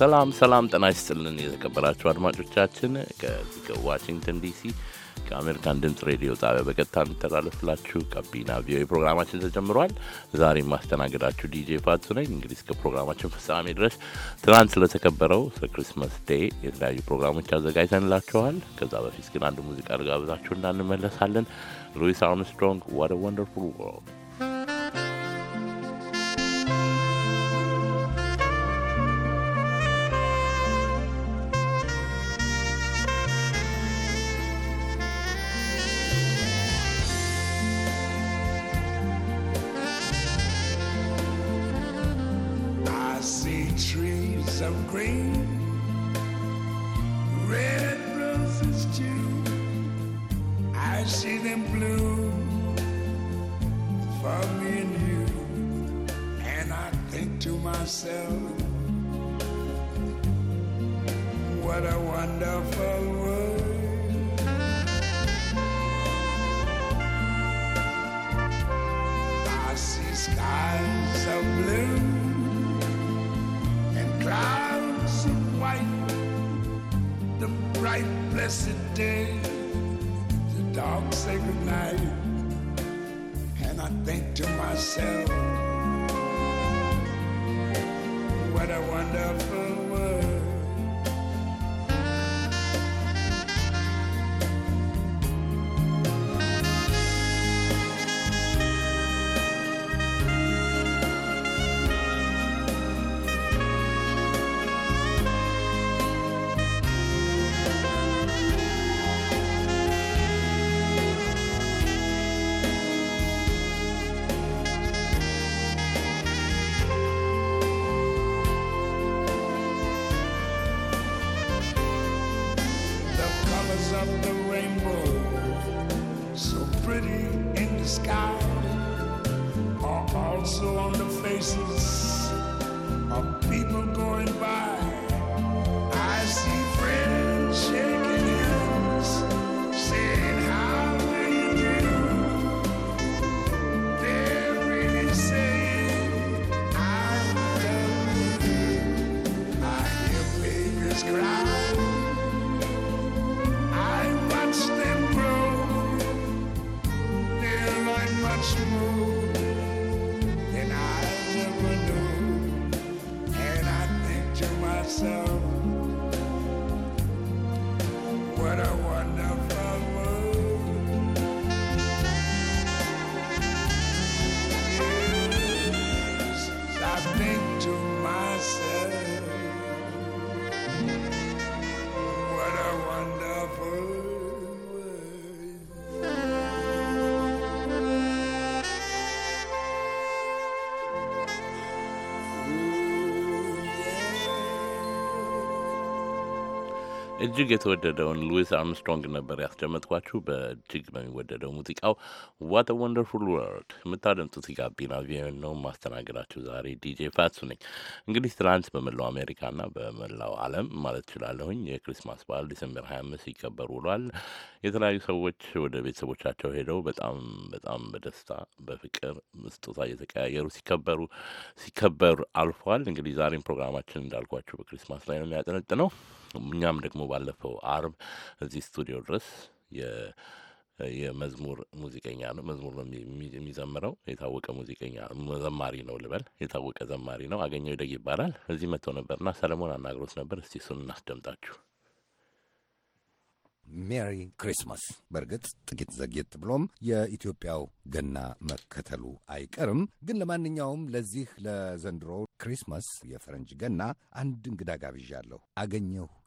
ሰላም ሰላም፣ ጤና ይስጥልን የተከበራችሁ አድማጮቻችን ከዚህ ከዋሽንግተን ዲሲ ከአሜሪካን ድምፅ ሬዲዮ ጣቢያ በቀጥታ የሚተላለፍላችሁ ጋቢና ቪኦኤ ፕሮግራማችን ተጀምሯል። ዛሬ ማስተናገዳችሁ ዲጄ ፋቱ ነኝ። እንግዲህ እስከ ፕሮግራማችን ፍጻሜ ድረስ ትናንት ስለተከበረው ስለ ክሪስማስ ዴይ የተለያዩ ፕሮግራሞች አዘጋጅተንላችኋል። ከዛ በፊት ግን አንድ ሙዚቃ ልጋብዛችሁ እናንመለሳለን። ሉዊስ አርምስትሮንግ ዋት ወንደርፉል ወርልድ bright, blessed day, the say good night. And I think to myself, what a wonderful. faces of people. እጅግ የተወደደውን ሉዊስ አርምስትሮንግ ነበር ያስደመጥኳችሁ። በእጅግ በሚወደደው ሙዚቃው ዋት ወንደርፉል ወርልድ የምታደምጡት ጋቢና ቪኦኤን ነው። ማስተናገዳችሁ ዛሬ ዲጄ ፋሱ ነኝ። እንግዲህ ትናንት በመላው አሜሪካና በመላው ዓለም ማለት እችላለሁኝ የክሪስማስ በዓል ዲሰምበር 25 ይከበሩ ውሏል። የተለያዩ ሰዎች ወደ ቤተሰቦቻቸው ሄደው በጣም በጣም በደስታ በፍቅር ስጦታ እየተቀያየሩ ሲከበሩ ሲከበር አልፏል። እንግዲህ ዛሬም ፕሮግራማችን እንዳልኳችሁ በክሪስማስ ላይ ነው የሚያጠነጥነው። ነው። እኛም ደግሞ ባለፈው አርብ እዚህ ስቱዲዮ ድረስ የመዝሙር ሙዚቀኛ ነው። መዝሙር ነው የሚዘምረው። የታወቀ ሙዚቀኛ ዘማሪ ነው ልበል፣ የታወቀ ዘማሪ ነው። አገኘው ይደግ ይባላል። እዚህ መጥቶ ነበርና ሰለሞን አናግሮት ነበር። እስቲ እሱን እናስደምጣችሁ። ሜሪ ክሪስማስ። በእርግጥ ጥቂት ዘግየት ብሎም የኢትዮጵያው ገና መከተሉ አይቀርም። ግን ለማንኛውም ለዚህ ለዘንድሮ ክሪስማስ የፈረንጅ ገና አንድ እንግዳ ጋብዣለሁ። አገኘሁ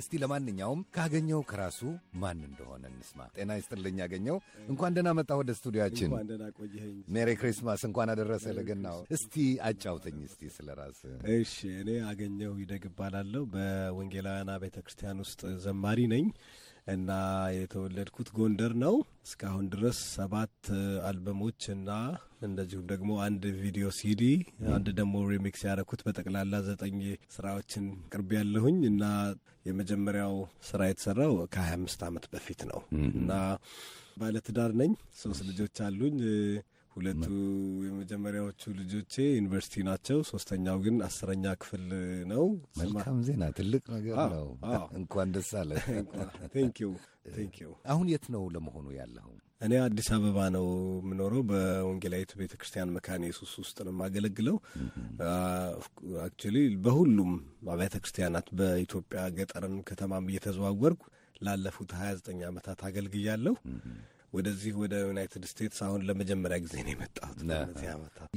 እስቲ ለማንኛውም ካገኘው ከራሱ ማን እንደሆነ እንስማ። ጤና ይስጥልኝ ያገኘው፣ እንኳን ደህና መጣ ወደ ስቱዲያችን። ሜሪ ክሪስማስ፣ እንኳን አደረሰ ለገናው። እስቲ አጫውተኝ እስቲ ስለ ራስ። እሺ፣ እኔ አገኘው ይደግ እባላለሁ። በወንጌላውያና ቤተ ክርስቲያን ውስጥ ዘማሪ ነኝ። እና የተወለድኩት ጎንደር ነው። እስካሁን ድረስ ሰባት አልበሞች እና እንደዚሁም ደግሞ አንድ ቪዲዮ ሲዲ፣ አንድ ደግሞ ሪሚክስ ያደረኩት በጠቅላላ ዘጠኝ ስራዎችን ቅርብ ያለሁኝ እና የመጀመሪያው ስራ የተሰራው ከ25 ዓመት በፊት ነው እና ባለትዳር ነኝ። ሶስት ልጆች አሉኝ። ሁለቱ የመጀመሪያዎቹ ልጆቼ ዩኒቨርሲቲ ናቸው። ሶስተኛው ግን አስረኛ ክፍል ነው። መልካም ዜና፣ ትልቅ ነገር ነው። እንኳን ደስ አለ። አሁን የት ነው ለመሆኑ ያለው? እኔ አዲስ አበባ ነው የምኖረው። በወንጌላዊት ቤተ ክርስቲያን መካነ ኢየሱስ ውስጥ ነው የማገለግለው። አክቹሊ በሁሉም አብያተ ክርስቲያናት በኢትዮጵያ ገጠርም ከተማም እየተዘዋወርኩ ላለፉት ዘጠኝ ዓመታት አገልግያለሁ። ወደዚህ ወደ ዩናይትድ ስቴትስ አሁን ለመጀመሪያ ጊዜ ነው የመጣሁት።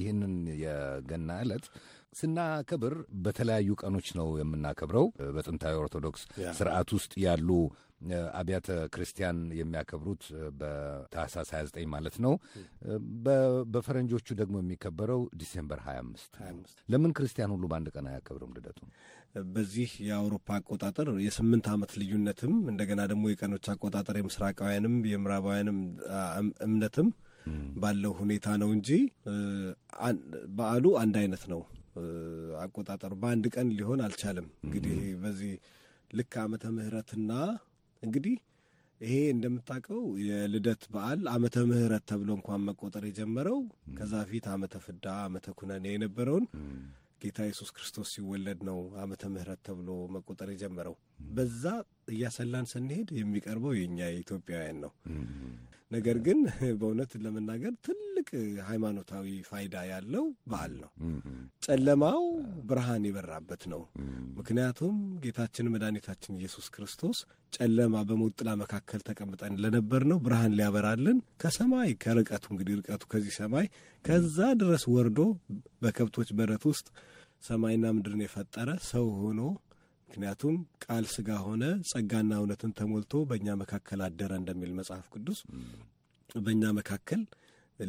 ይህንን የገና ዕለት ስናከብር በተለያዩ ቀኖች ነው የምናከብረው። በጥንታዊ ኦርቶዶክስ ስርዓት ውስጥ ያሉ አብያተ ክርስቲያን የሚያከብሩት በታህሳስ 29 ማለት ነው። በፈረንጆቹ ደግሞ የሚከበረው ዲሴምበር 25። ለምን ክርስቲያን ሁሉ በአንድ ቀን አያከብርም ልደቱ? በዚህ የአውሮፓ አቆጣጠር የስምንት ዓመት ልዩነትም እንደገና ደግሞ የቀኖች አቆጣጠር የምስራቃውያንም የምዕራባውያንም እምነትም ባለው ሁኔታ ነው እንጂ በዓሉ አንድ አይነት ነው። አቆጣጠሩ በአንድ ቀን ሊሆን አልቻለም። እንግዲህ በዚህ ልክ ዓመተ ምሕረትና እንግዲህ ይሄ እንደምታውቀው የልደት በዓል ዓመተ ምሕረት ተብሎ እንኳን መቆጠር የጀመረው ከዛ ፊት ዓመተ ፍዳ፣ ዓመተ ኩነኔ የነበረውን ጌታ ኢየሱስ ክርስቶስ ሲወለድ ነው ዓመተ ምሕረት ተብሎ መቆጠር የጀመረው። በዛ እያሰላን ስንሄድ የሚቀርበው የእኛ የኢትዮጵያውያን ነው። ነገር ግን በእውነት ለመናገር ትልቅ ሃይማኖታዊ ፋይዳ ያለው በዓል ነው። ጨለማው ብርሃን የበራበት ነው። ምክንያቱም ጌታችን መድኃኒታችን ኢየሱስ ክርስቶስ ጨለማ በሞት ጥላ መካከል ተቀምጠን ለነበር ነው ብርሃን ሊያበራልን ከሰማይ ከርቀቱ እንግዲህ ርቀቱ ከዚህ ሰማይ ከዛ ድረስ ወርዶ በከብቶች በረት ውስጥ ሰማይና ምድርን የፈጠረ ሰው ሆኖ ምክንያቱም ቃል ስጋ ሆነ ጸጋና እውነትን ተሞልቶ በእኛ መካከል አደረ እንደሚል መጽሐፍ ቅዱስ በእኛ መካከል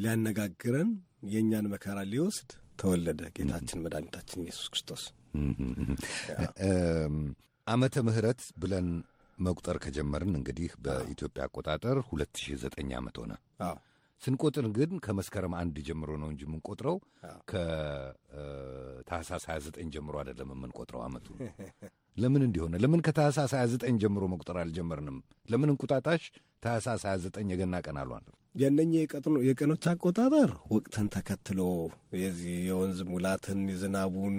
ሊያነጋግረን የእኛን መከራ ሊወስድ ተወለደ ጌታችን መድኃኒታችን ኢየሱስ ክርስቶስ። ዓመተ ምሕረት ብለን መቁጠር ከጀመርን እንግዲህ በኢትዮጵያ አቆጣጠር 2009 ዓመት ሆነ። ስንቆጥር ግን ከመስከረም አንድ ጀምሮ ነው እንጂ የምንቆጥረው ከታህሳስ 29 ጀምሮ አይደለም የምንቆጥረው ዓመቱ ለምን እንዲሆነ ለምን ከታህሳስ 29 ጀምሮ መቁጠር አልጀመርንም? ለምን እንቁጣጣሽ ታህሳስ 29 የገና ቀን አሏል? የእነኛ የቀኖች አቆጣጠር ወቅትን ተከትሎ የዚህ የወንዝ ሙላትን፣ የዝናቡን፣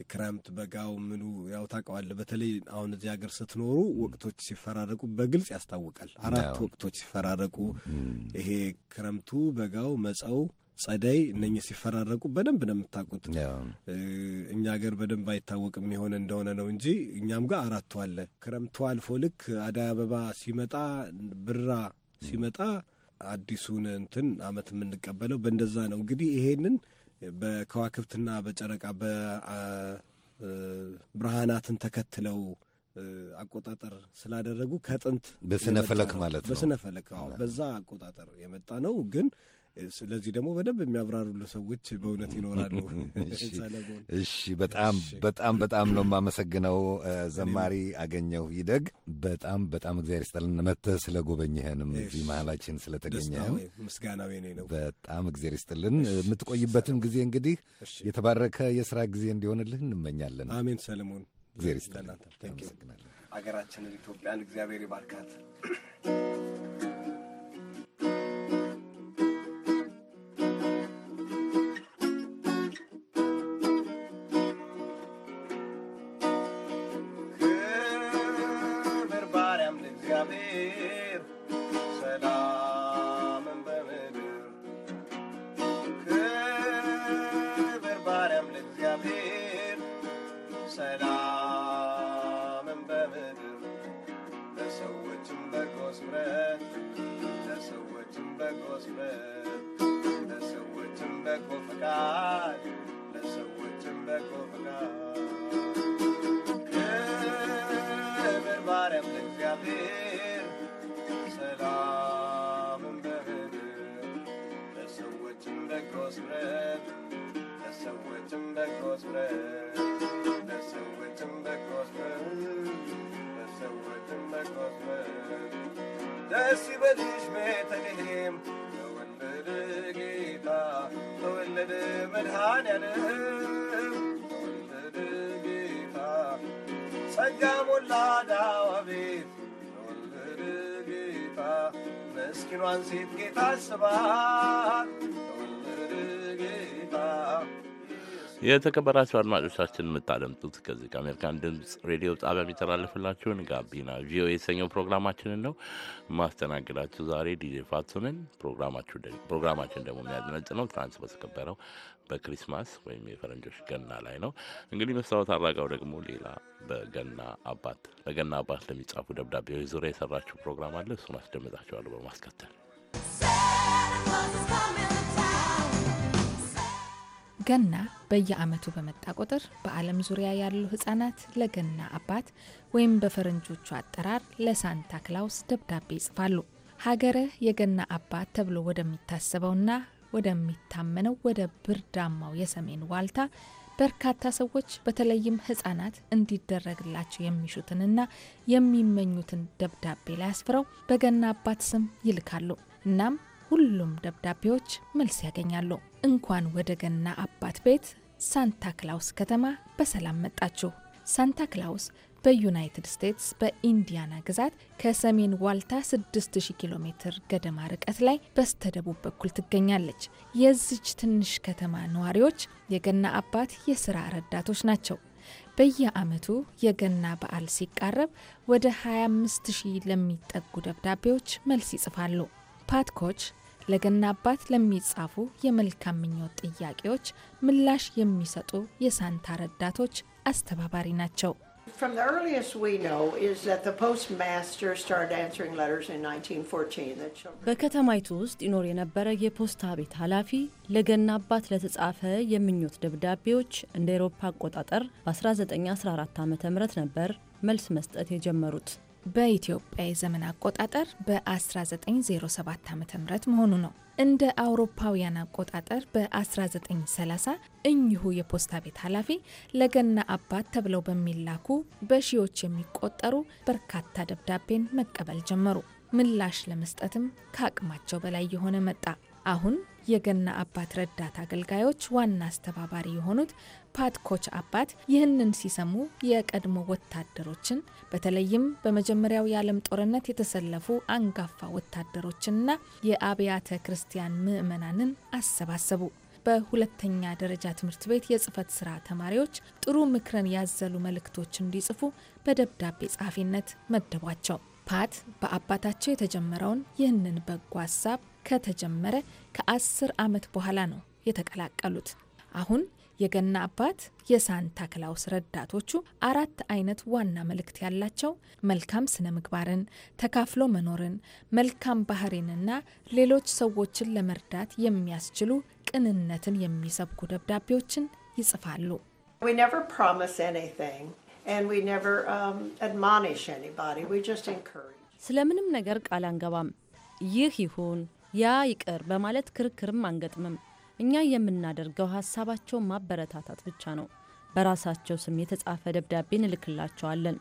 የክረምት በጋው ምኑ ያው ታውቀዋለህ። በተለይ አሁን እዚህ ሀገር ስትኖሩ ወቅቶች ሲፈራረቁ በግልጽ ያስታውቃል። አራት ወቅቶች ሲፈራረቁ ይሄ ክረምቱ፣ በጋው፣ መጸው ጸደይ እነኝህ ሲፈራረቁ በደንብ ነው የምታውቁት። እኛ ሀገር በደንብ አይታወቅም የሆነ እንደሆነ ነው እንጂ እኛም ጋር አራቱ አለ። ክረምቱ አልፎ ልክ አደይ አበባ ሲመጣ፣ ብራ ሲመጣ አዲሱን እንትን አመት የምንቀበለው በእንደዛ ነው። እንግዲህ ይሄንን በከዋክብትና በጨረቃ በብርሃናትን ተከትለው አቆጣጠር ስላደረጉ ከጥንት በስነ ፈለክ ማለት ነው። በስነ ፈለክ በዛ አቆጣጠር የመጣ ነው ግን ስለዚህ ደግሞ በደንብ የሚያብራሩልን ሰዎች በእውነት ይኖራሉ። እሺ፣ በጣም በጣም በጣም ነው የማመሰግነው ዘማሪ አገኘሁ ይደግ። በጣም በጣም እግዚአብሔር ይስጥልን መጥተህ ጎበኝህንም እዚህ መሀላችን ስለተገኘህም ምስጋናዊ ነው። በጣም እግዚአብሔር ይስጥልን። የምትቆይበትም ጊዜ እንግዲህ የተባረከ የስራ ጊዜ እንዲሆንልህ እንመኛለን። አሜን። ሰለሞን እግዚአብሔር ይስጥልን። አመሰግናለን። ሀገራችንን ኢትዮጵያን እግዚአብሔር ይባርካት። tembakos bread. That's how we tembakos bread. That's how we tembakos bread. That's how we tembakos bread. That's how we tembakos bread. لو البرقيقة لو اللي مدهان ينهم لو البرقيقة صقاموا اللادا وبيت لو البرقيقة مسكين وانسيت قيت عالسبات የተከበራችሁ አድማጮቻችን የምታደምጡት ከዚህ ከአሜሪካን ድምፅ ሬዲዮ ጣቢያ የሚተላለፍላችሁን ጋቢና ቪኦኤ የሰኘው ፕሮግራማችንን ነው። ማስተናግዳችሁ ዛሬ ዲጄ ፋቱንን። ፕሮግራማችን ደግሞ የሚያድነጭ ነው። ትናንት በተከበረው በክሪስማስ ወይም የፈረንጆች ገና ላይ ነው። እንግዲህ መስታወት አራጋው ደግሞ ሌላ በገና አባት ለገና አባት ለሚጻፉ ደብዳቤዎች ዙሪያ የሰራችው ፕሮግራም አለ። እሱን አስደምጣችኋለሁ በማስከተል ገና በየዓመቱ በመጣ ቁጥር በዓለም ዙሪያ ያሉ ህጻናት ለገና አባት ወይም በፈረንጆቹ አጠራር ለሳንታ ክላውስ ደብዳቤ ይጽፋሉ። ሀገረ የገና አባት ተብሎ ወደሚታሰበውና ወደሚታመነው ወደ ብርዳማው የሰሜን ዋልታ በርካታ ሰዎች በተለይም ህጻናት እንዲደረግላቸው የሚሹትንና የሚመኙትን ደብዳቤ ላይ አስፍረው በገና አባት ስም ይልካሉ። እናም ሁሉም ደብዳቤዎች መልስ ያገኛሉ። እንኳን ወደ ገና አባት ቤት ሳንታ ክላውስ ከተማ በሰላም መጣችሁ። ሳንታ ክላውስ በዩናይትድ ስቴትስ በኢንዲያና ግዛት ከሰሜን ዋልታ 6000 ኪሎ ሜትር ገደማ ርቀት ላይ በስተደቡብ በኩል ትገኛለች። የዚች ትንሽ ከተማ ነዋሪዎች የገና አባት የሥራ ረዳቶች ናቸው። በየዓመቱ የገና በዓል ሲቃረብ ወደ 25000 ለሚጠጉ ደብዳቤዎች መልስ ይጽፋሉ። ፓት ኮች ለገና አባት ለሚጻፉ የመልካም ምኞት ጥያቄዎች ምላሽ የሚሰጡ የሳንታ ረዳቶች አስተባባሪ ናቸው። From the earliest we know is that the postmaster started answering letters in 1914 በከተማይቱ ውስጥ ይኖር የነበረ የፖስታ ቤት ኃላፊ ለገና አባት ለተጻፈ የምኞት ደብዳቤዎች እንደ ኤሮፓ አቆጣጠር በ1914 ዓ ም ነበር መልስ መስጠት የጀመሩት። በኢትዮጵያ የዘመን አቆጣጠር በ1907 ዓ ም መሆኑ ነው። እንደ አውሮፓውያን አቆጣጠር በ1930 እኚሁ የፖስታ ቤት ኃላፊ ለገና አባት ተብለው በሚላኩ በሺዎች የሚቆጠሩ በርካታ ደብዳቤን መቀበል ጀመሩ። ምላሽ ለመስጠትም ከአቅማቸው በላይ የሆነ መጣ። አሁን የገና አባት ረዳት አገልጋዮች ዋና አስተባባሪ የሆኑት ፓትኮች አባት ይህንን ሲሰሙ የቀድሞ ወታደሮችን በተለይም በመጀመሪያው የዓለም ጦርነት የተሰለፉ አንጋፋ ወታደሮችንና የአብያተ ክርስቲያን ምዕመናንን አሰባሰቡ። በሁለተኛ ደረጃ ትምህርት ቤት የጽህፈት ስራ ተማሪዎች ጥሩ ምክርን ያዘሉ መልእክቶች እንዲጽፉ በደብዳቤ ጸሐፊነት መደቧቸው። ፓት በአባታቸው የተጀመረውን ይህንን በጎ ሀሳብ ከተጀመረ ከአስር ዓመት በኋላ ነው የተቀላቀሉት። አሁን የገና አባት የሳንታ ክላውስ ረዳቶቹ አራት አይነት ዋና መልእክት ያላቸው መልካም ስነ ምግባርን፣ ተካፍሎ መኖርን፣ መልካም ባህሪንና ሌሎች ሰዎችን ለመርዳት የሚያስችሉ ቅንነትን የሚሰብኩ ደብዳቤዎችን ይጽፋሉ። um, ስለምንም ነገር ቃል አንገባም። ይህ ይሁን ያ ይቅር በማለት ክርክርም አንገጥምም። እኛ የምናደርገው ሀሳባቸውን ማበረታታት ብቻ ነው። በራሳቸው ስም የተጻፈ ደብዳቤ እንልክላቸዋለን።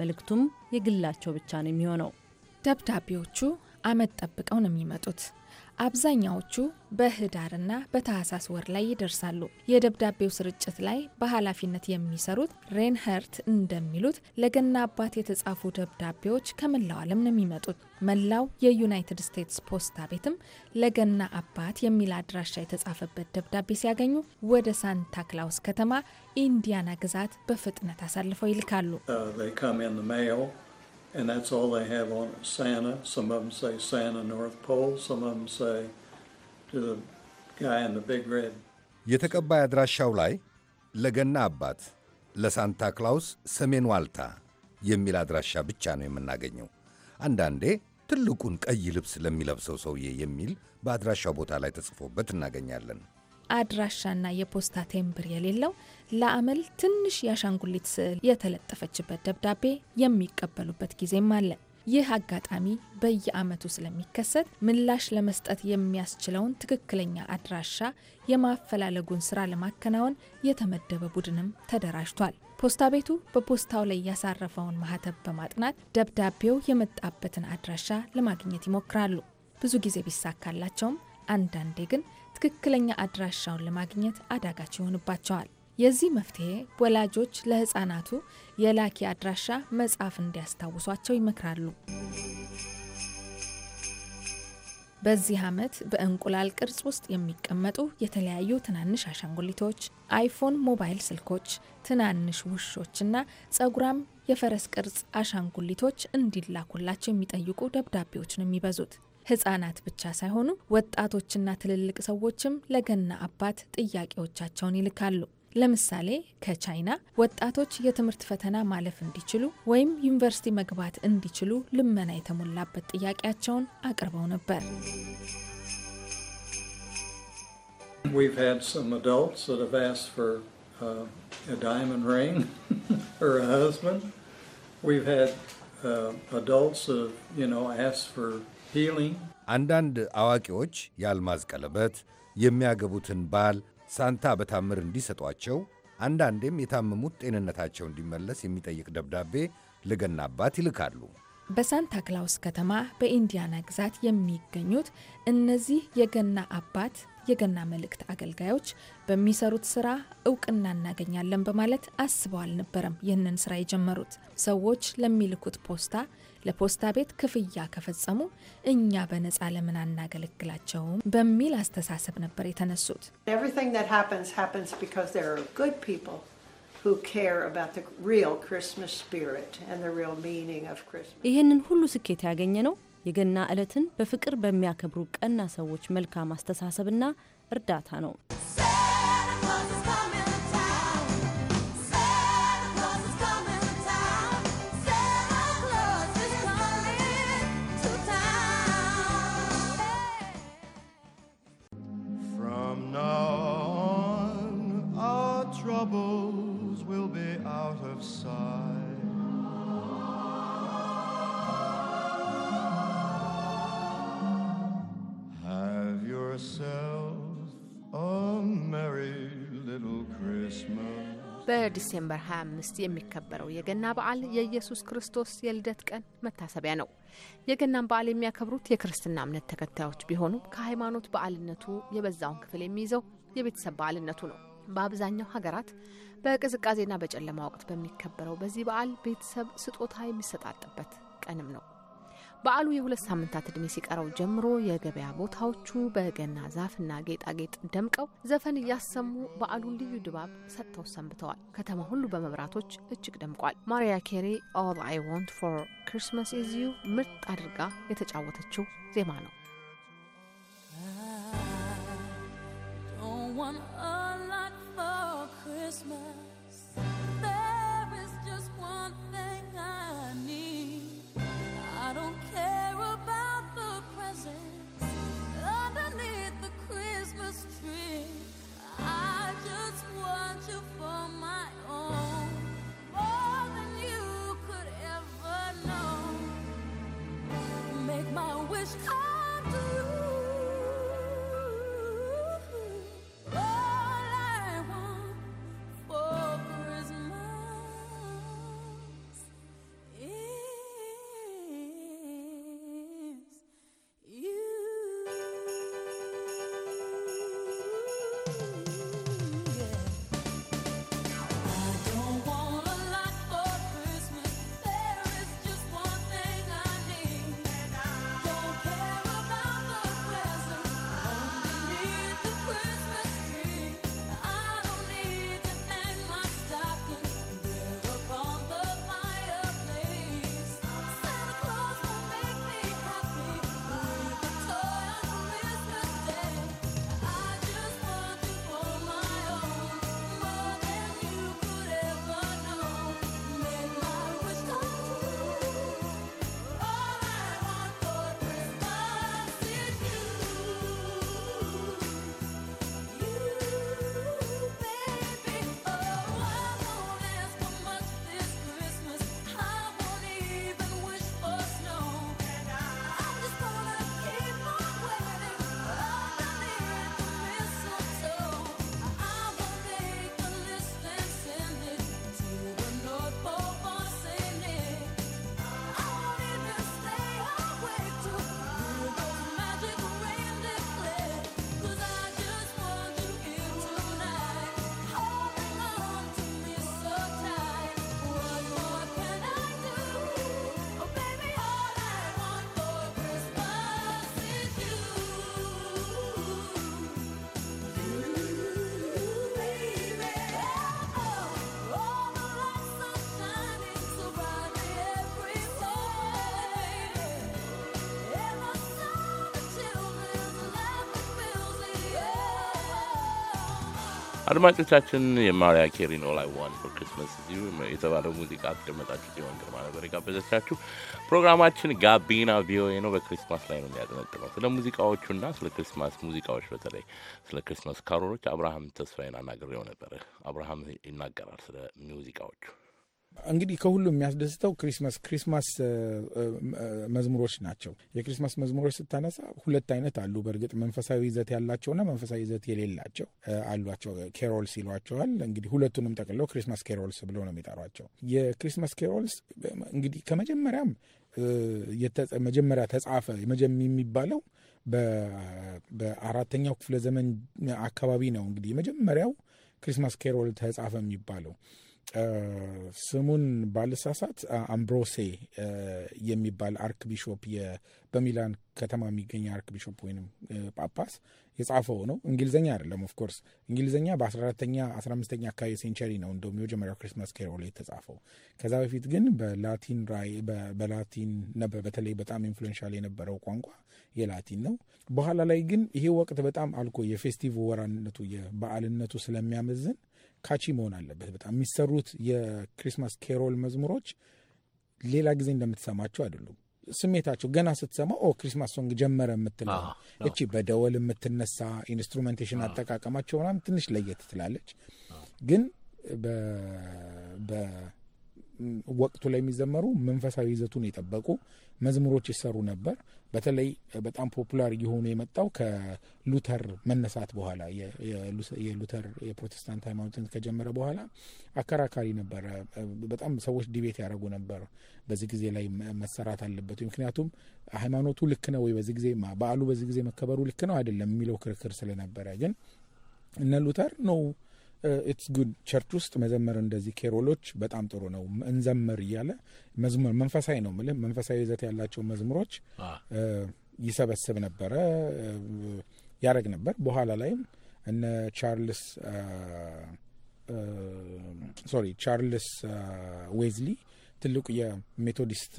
መልእክቱም የግላቸው ብቻ ነው የሚሆነው። ደብዳቤዎቹ አመት ጠብቀው ነው የሚመጡት። አብዛኛዎቹ በህዳርና በታህሳስ ወር ላይ ይደርሳሉ። የደብዳቤው ስርጭት ላይ በኃላፊነት የሚሰሩት ሬንኸርት እንደሚሉት ለገና አባት የተጻፉ ደብዳቤዎች ከመላው ዓለም ነው የሚመጡት። መላው የዩናይትድ ስቴትስ ፖስታ ቤትም ለገና አባት የሚል አድራሻ የተጻፈበት ደብዳቤ ሲያገኙ ወደ ሳንታ ክላውስ ከተማ ኢንዲያና ግዛት በፍጥነት አሳልፈው ይልካሉ። uh, and that's all they have on it. Santa. Some of them say Santa North Pole. Some of them say to the guy in the big red. የተቀባይ አድራሻው ላይ ለገና አባት ለሳንታ ክላውስ ሰሜን ዋልታ የሚል አድራሻ ብቻ ነው የምናገኘው። አንዳንዴ ትልቁን ቀይ ልብስ ለሚለብሰው ሰውዬ የሚል በአድራሻው ቦታ ላይ ተጽፎበት እናገኛለን። አድራሻና የፖስታ ቴምብር የሌለው ለአመል ትንሽ የአሻንጉሊት ስዕል የተለጠፈችበት ደብዳቤ የሚቀበሉበት ጊዜም አለ። ይህ አጋጣሚ በየአመቱ ስለሚከሰት ምላሽ ለመስጠት የሚያስችለውን ትክክለኛ አድራሻ የማፈላለጉን ስራ ለማከናወን የተመደበ ቡድንም ተደራጅቷል። ፖስታ ቤቱ በፖስታው ላይ ያሳረፈውን ማህተብ በማጥናት ደብዳቤው የመጣበትን አድራሻ ለማግኘት ይሞክራሉ። ብዙ ጊዜ ቢሳካላቸውም አንዳንዴ ግን ትክክለኛ አድራሻውን ለማግኘት አዳጋች ይሆንባቸዋል። የዚህ መፍትሄ ወላጆች ለህፃናቱ የላኪ አድራሻ መጽሐፍ እንዲያስታውሷቸው ይመክራሉ። በዚህ ዓመት በእንቁላል ቅርጽ ውስጥ የሚቀመጡ የተለያዩ ትናንሽ አሻንጉሊቶች፣ አይፎን ሞባይል ስልኮች፣ ትናንሽ ውሾችና ጸጉራም የፈረስ ቅርጽ አሻንጉሊቶች እንዲላኩላቸው የሚጠይቁ ደብዳቤዎች ነው የሚበዙት። ህጻናት ብቻ ሳይሆኑ ወጣቶችና ትልልቅ ሰዎችም ለገና አባት ጥያቄዎቻቸውን ይልካሉ። ለምሳሌ ከቻይና ወጣቶች የትምህርት ፈተና ማለፍ እንዲችሉ ወይም ዩኒቨርሲቲ መግባት እንዲችሉ ልመና የተሞላበት ጥያቄያቸውን አቅርበው ነበር። We've had some አንዳንድ አዋቂዎች የአልማዝ ቀለበት የሚያገቡትን ባል ሳንታ በታምር እንዲሰጧቸው አንዳንዴም የታመሙት ጤንነታቸው እንዲመለስ የሚጠይቅ ደብዳቤ ለገና አባት ይልካሉ። በሳንታ ክላውስ ከተማ በኢንዲያና ግዛት የሚገኙት እነዚህ የገና አባት የገና መልእክት አገልጋዮች በሚሰሩት ስራ እውቅና እናገኛለን በማለት አስበው አልነበረም ይህንን ስራ የጀመሩት። ሰዎች ለሚልኩት ፖስታ ለፖስታ ቤት ክፍያ ከፈጸሙ እኛ በነፃ ለምን አናገለግላቸውም በሚል አስተሳሰብ ነበር የተነሱት። ይህንን ሁሉ ስኬት ያገኘ ነው የገና ዕለትን በፍቅር በሚያከብሩ ቀና ሰዎች መልካም አስተሳሰብና እርዳታ ነው። በዲሴምበር 25 የሚከበረው የገና በዓል የኢየሱስ ክርስቶስ የልደት ቀን መታሰቢያ ነው። የገናን በዓል የሚያከብሩት የክርስትና እምነት ተከታዮች ቢሆኑም ከሃይማኖት በዓልነቱ የበዛውን ክፍል የሚይዘው የቤተሰብ በዓልነቱ ነው። በአብዛኛው ሀገራት በቅዝቃዜና በጨለማ ወቅት በሚከበረው በዚህ በዓል ቤተሰብ ስጦታ የሚሰጣጥበት ቀንም ነው። በዓሉ የሁለት ሳምንታት ዕድሜ ሲቀረው ጀምሮ የገበያ ቦታዎቹ በገና ዛፍና ጌጣጌጥ ደምቀው ዘፈን እያሰሙ በዓሉን ልዩ ድባብ ሰጥተው ሰንብተዋል። ከተማ ሁሉ በመብራቶች እጅግ ደምቋል። ማሪያ ኬሪ ኦል አይ ዋንት ፎር ክሪስማስ ኢዝ ዩ ምርጥ አድርጋ የተጫወተችው ዜማ ነው። I don't want a lot for Christmas. አድማጮቻችን የማሪያ ኬሪ ኖ ላይ ዋን ፎር ክርስመስ እዚሁ የተባለው ሙዚቃ አስደመጣችሁት ሲሆን ግርማ ነበር የጋበዘቻችሁ። ፕሮግራማችን ጋቢና ቪኦኤ ነው። በክሪስማስ ላይ ነው የሚያጠነጥነው። ስለ ሙዚቃዎቹና ስለ ክሪስማስ ሙዚቃዎች፣ በተለይ ስለ ክሪስማስ ካሮሮች አብርሃም ተስፋዬን አናግሬው ነበር። አብርሃም ይናገራል ስለ ሙዚቃዎቹ እንግዲህ ከሁሉም የሚያስደስተው ክሪስማስ ክሪስማስ መዝሙሮች ናቸው። የክሪስማስ መዝሙሮች ስታነሳ ሁለት አይነት አሉ። በእርግጥ መንፈሳዊ ይዘት ያላቸውና መንፈሳዊ ይዘት የሌላቸው አሏቸው። ኬሮልስ ይሏቸዋል። እንግዲህ ሁለቱንም ጠቅለው ክሪስማስ ኬሮልስ ብሎ ነው የሚጠሯቸው። የክሪስማስ ኬሮልስ እንግዲህ ከመጀመሪያም መጀመሪያ ተጻፈ የሚባለው በአራተኛው ክፍለ ዘመን አካባቢ ነው። እንግዲህ የመጀመሪያው ክሪስማስ ኬሮል ተጻፈ የሚባለው ስሙን ባልሳሳት አምብሮሴ የሚባል አርክ ቢሾፕ በሚላን ከተማ የሚገኝ አርክ ቢሾፕ ወይም ጳጳስ የጻፈው ነው። እንግሊዝኛ አይደለም። ኦፍኮርስ እንግሊዝኛ በ14ተኛ 15ተኛ አካባቢ ሴንቸሪ ነው እንደውም የመጀመሪያው ክሪስማስ ኬሮል የተጻፈው። ከዛ በፊት ግን በላቲን ራይ በላቲን ነበር። በተለይ በጣም ኢንፍሉዌንሻል የነበረው ቋንቋ የላቲን ነው። በኋላ ላይ ግን ይሄ ወቅት በጣም አልኮ የፌስቲቭ ወራነቱ የበዓልነቱ ስለሚያመዝን ካቺ መሆን አለበት። በጣም የሚሰሩት የክሪስማስ ኬሮል መዝሙሮች ሌላ ጊዜ እንደምትሰማቸው አይደሉም። ስሜታቸው ገና ስትሰማ ኦ ክሪስማስ ሶንግ ጀመረ የምትለው እቺ በደወል የምትነሳ ኢንስትሩሜንቴሽን አጠቃቀማቸው ምናምን ትንሽ ለየት ትላለች ግን ወቅቱ ላይ የሚዘመሩ መንፈሳዊ ይዘቱን የጠበቁ መዝሙሮች ይሰሩ ነበር። በተለይ በጣም ፖፑላር እየሆኑ የመጣው ከሉተር መነሳት በኋላ የሉተር የፕሮቴስታንት ሃይማኖትን ከጀመረ በኋላ አከራካሪ ነበረ። በጣም ሰዎች ዲቤት ያደረጉ ነበር። በዚህ ጊዜ ላይ መሰራት አለበት። ምክንያቱም ሃይማኖቱ ልክ ነው ወይ፣ በዚህ ጊዜ በዓሉ በዚህ ጊዜ መከበሩ ልክ ነው አይደለም የሚለው ክርክር ስለነበረ ግን እነ ሉተር ነው ኢትስ uh, ጉድ ቸርች ውስጥ መዘመር እንደዚህ ኬሮሎች በጣም ጥሩ ነው እንዘምር እያለ መዝሙር መንፈሳዊ ነው ምልህ መንፈሳዊ ይዘት ያላቸው መዝሙሮች uh, ይሰበስብ ነበረ uh, ያደረግ ነበር። በኋላ ላይም እነ ቻርልስ ሶሪ ቻርልስ ዌዝሊ ትልቁ የሜቶዲስት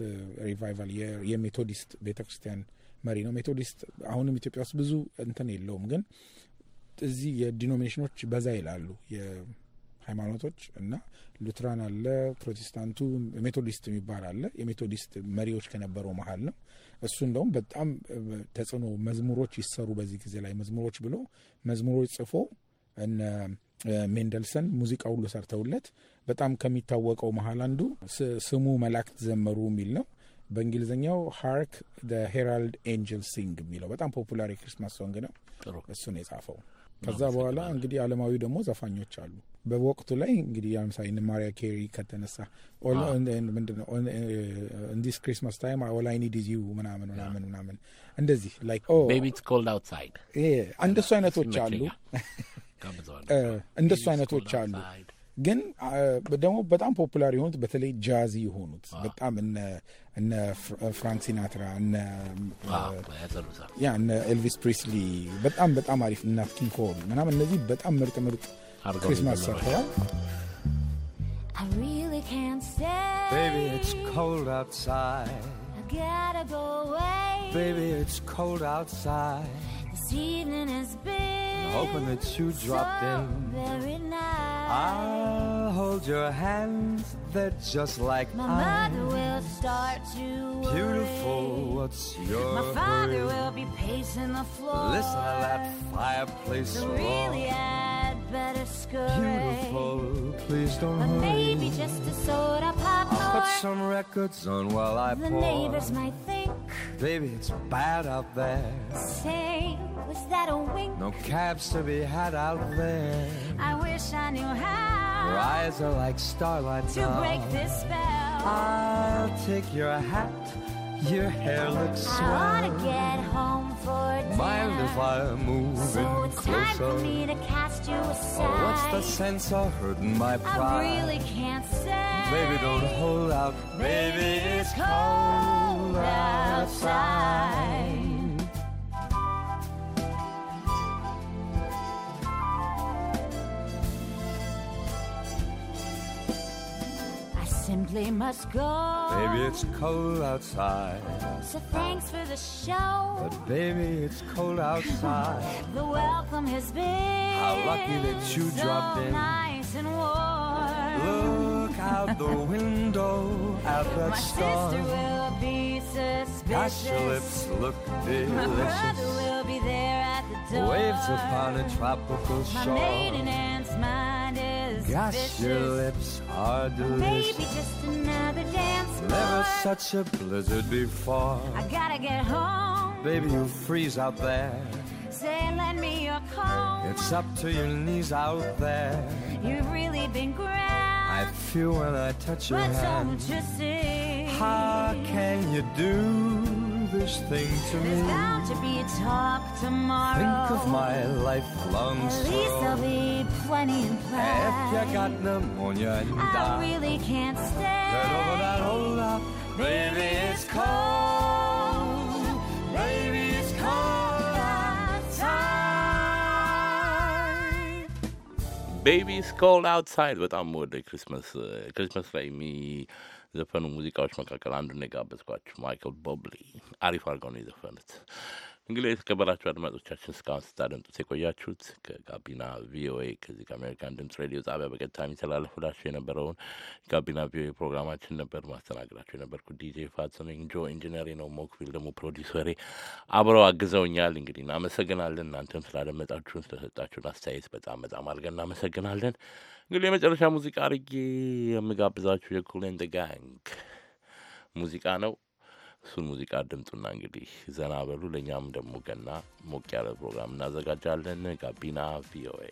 ሪቫይቫል የሜቶዲስት ቤተ ክርስቲያን መሪ ነው። ሜቶዲስት አሁንም ኢትዮጵያ ውስጥ ብዙ እንትን የለውም፣ ግን እዚህ የዲኖሚኔሽኖች በዛ ይላሉ የሃይማኖቶች እና ሉትራን አለ፣ ፕሮቴስታንቱ ሜቶዲስት የሚባል አለ። የሜቶዲስት መሪዎች ከነበረው መሀል ነው እሱ እንደውም በጣም ተጽዕኖ መዝሙሮች ይሰሩ በዚህ ጊዜ ላይ መዝሙሮች ብሎ መዝሙሮች ጽፎ እነ ሜንደልሰን ሙዚቃ ሁሉ ሰርተውለት በጣም ከሚታወቀው መሀል አንዱ ስሙ መላእክት ዘመሩ የሚል ነው። በእንግሊዝኛው ሃርክ ሄራልድ ኤንጀል ሲንግ የሚለው በጣም ፖፑላር የክርስማስ ሶንግ ነው። እሱ ነው የጻፈው። ከዛ በኋላ እንግዲህ አለማዊ ደግሞ ዘፋኞች አሉ። በወቅቱ ላይ እንግዲህ ለምሳሌ ማሪያ ኬሪ ከተነሳ ምንድነው እንዲስ ክሪስማስ ታይም ኦላይኒ ዲዚዩ ምናምን ምናምን ምናምን እንደዚህ ላይክ oh እንደሱ አይነቶች አሉ እንደሱ አይነቶች አሉ ግን ደግሞ በጣም ፖፑላር የሆኑት በተለይ ጃዚ የሆኑት በጣም እነ ፍራንክ ሲናትራ እነ ኤልቪስ ፕሪስሊ በጣም በጣም አሪፍ እና ኪንግ ምናምን እነዚህ በጣም ምርጥ ምርጥ ክሪስማስ ሰርተዋል። I really can't stay. Baby, it's cold outside. I gotta go away. Baby, it's cold outside. This evening hoping that you dropped in. I'll hold your hands, they're just like My mine. mother will start to worry. Beautiful, what's your My father hurry? will be pacing the floor. Listen to that fireplace roar. Really better scurry. Beautiful, please don't or hurry. maybe just a soda pop. I'll put some records on while I the pour. The neighbors might think, baby, it's bad out there. Say, was that a wink? No cabs to be had out there. I wish I knew how. Your eyes are like starlight to now. break this spell. I'll take your hat. Your hair looks swell. I ought to get home for dinner. Mind if I move so in closer? So it's time for me to cast pushed you oh, aside. Oh, what's the sense of hurting my pride? I really can't say. Baby, don't hold out. Baby, it's cold outside. simply must go. Baby, it's cold outside. So thanks for the show. But baby, it's cold outside. the welcome has been how lucky that you so dropped in. Nice and warm. Look out the window at that My sister will be suspicious. Gosh, your lips look delicious. My brother will be there at the door. Waves upon a tropical shore. My maiden aunt's minded. Gosh, your lips are delicious. Maybe just another dance. Never such a blizzard before. I gotta get home. Baby, you freeze out there. Say, lend me your comb. It's up to your knees out there. You've really been grand. I feel when I touch your but hand. But don't you see? How can you do? this thing to There's me. bound to be talk tomorrow. Think of my lifelong At sorrow. least there'll be plenty in play. If you got pneumonia and I really can't stay. over that, hold up. Baby, it's cold. Baby, it's cold outside. Baby, it's cold outside. Wat Christmas, uh, Christmas bij me. የዘፈኑ ሙዚቃዎች መካከል አንዱን የጋበዝኳችሁ ማይክል ቦብሊ አሪፍ አድርገው ነው የዘፈኑት። እንግዲህ የተከበራችሁ አድማጮቻችን እስካሁን ስታደምጡት የቆያችሁት ከጋቢና ቪኦኤ ከዚህ ከአሜሪካን ድምጽ ሬዲዮ ጣቢያ በቀጥታ የሚተላለፍላችሁ የነበረውን ጋቢና ቪኦኤ ፕሮግራማችን ነበር። ማስተናግዳችሁ የነበርኩ ዲጄ ፋትሶ ጆ ኢንጂነሪ ነው፣ ሞክቪል ደግሞ ፕሮዲሰሬ አብረው አግዘውኛል። እንግዲህ እናመሰግናለን። እናንተም ስላደመጣችሁን ስለሰጣችሁን አስተያየት በጣም በጣም አድርገን እናመሰግናለን። እንግዲህ የመጨረሻ ሙዚቃ አድርጌ የምጋብዛችሁ የኩሌንድ ጋንግ ሙዚቃ ነው። እሱን ሙዚቃ ድምጡና እንግዲህ ዘና በሉ። ለእኛም ደግሞ ገና ሞቅ ያለ ፕሮግራም እናዘጋጃለን። ጋቢና ቪኦኤ